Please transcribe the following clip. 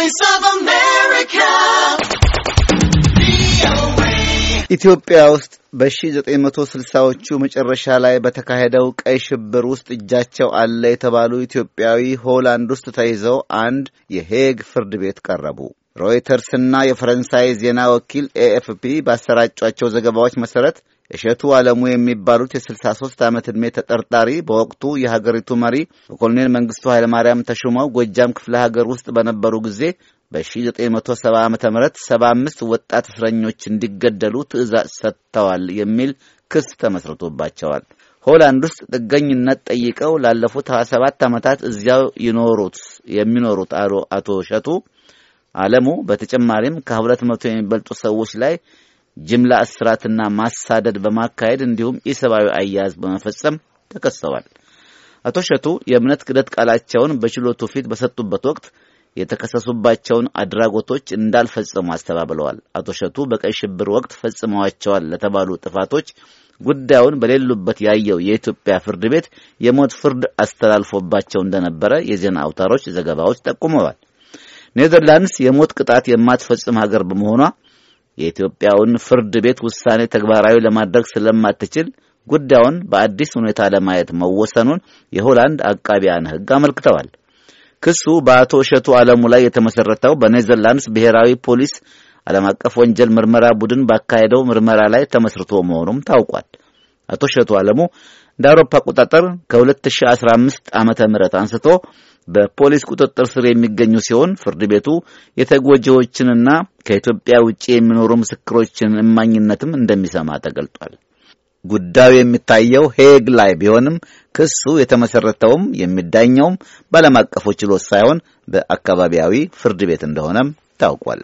Voice ኢትዮጵያ ውስጥ በ1960ዎቹ መጨረሻ ላይ በተካሄደው ቀይ ሽብር ውስጥ እጃቸው አለ የተባሉ ኢትዮጵያዊ ሆላንድ ውስጥ ተይዘው አንድ የሄግ ፍርድ ቤት ቀረቡ። ሮይተርስና የፈረንሳይ ዜና ወኪል ኤኤፍፒ ባሰራጯቸው ዘገባዎች መሠረት እሸቱ ዓለሙ የሚባሉት የ63 ዓመት ዕድሜ ተጠርጣሪ በወቅቱ የሀገሪቱ መሪ በኮሎኔል መንግሥቱ ኃይለማርያም ተሹመው ጎጃም ክፍለ ሀገር ውስጥ በነበሩ ጊዜ በ1970 ዓ ም 75 ወጣት እስረኞች እንዲገደሉ ትእዛዝ ሰጥተዋል የሚል ክስ ተመስርቶባቸዋል። ሆላንድ ውስጥ ጥገኝነት ጠይቀው ላለፉት 27 ዓመታት እዚያው ይኖሩት የሚኖሩት አቶ እሸቱ አለሙ በተጨማሪም ከሁለት መቶ የሚበልጡ ሰዎች ላይ ጅምላ እስራትና ማሳደድ በማካሄድ እንዲሁም ኢሰብአዊ አያያዝ በመፈጸም ተከሰዋል። አቶ ሸቱ የእምነት ክደት ቃላቸውን በችሎቱ ፊት በሰጡበት ወቅት የተከሰሱባቸውን አድራጎቶች እንዳልፈጸሙ አስተባብለዋል። አቶ ሸቱ በቀይ ሽብር ወቅት ፈጽመዋቸዋል ለተባሉ ጥፋቶች ጉዳዩን በሌሉበት ያየው የኢትዮጵያ ፍርድ ቤት የሞት ፍርድ አስተላልፎባቸው እንደነበረ የዜና አውታሮች ዘገባዎች ጠቁመዋል። ኔዘርላንድስ የሞት ቅጣት የማትፈጽም ሀገር በመሆኗ የኢትዮጵያውን ፍርድ ቤት ውሳኔ ተግባራዊ ለማድረግ ስለማትችል ጉዳዩን በአዲስ ሁኔታ ለማየት መወሰኑን የሆላንድ አቃቢያን ሕግ አመልክተዋል። ክሱ በአቶ እሸቱ ዓለሙ ላይ የተመሠረተው በኔዘርላንድስ ብሔራዊ ፖሊስ ዓለም አቀፍ ወንጀል ምርመራ ቡድን ባካሄደው ምርመራ ላይ ተመስርቶ መሆኑም ታውቋል። አቶ እሸቱ ዓለሙ እንደ አውሮፓ አቆጣጠር ከ2015 ዓመተ ምህረት አንስቶ በፖሊስ ቁጥጥር ስር የሚገኙ ሲሆን ፍርድ ቤቱ የተጎጂዎችንና ከኢትዮጵያ ውጭ የሚኖሩ ምስክሮችን እማኝነትም እንደሚሰማ ተገልጧል። ጉዳዩ የሚታየው ሄግ ላይ ቢሆንም ክሱ የተመሰረተውም የሚዳኘውም በዓለም አቀፉ ችሎት ሳይሆን በአካባቢያዊ ፍርድ ቤት እንደሆነም ታውቋል።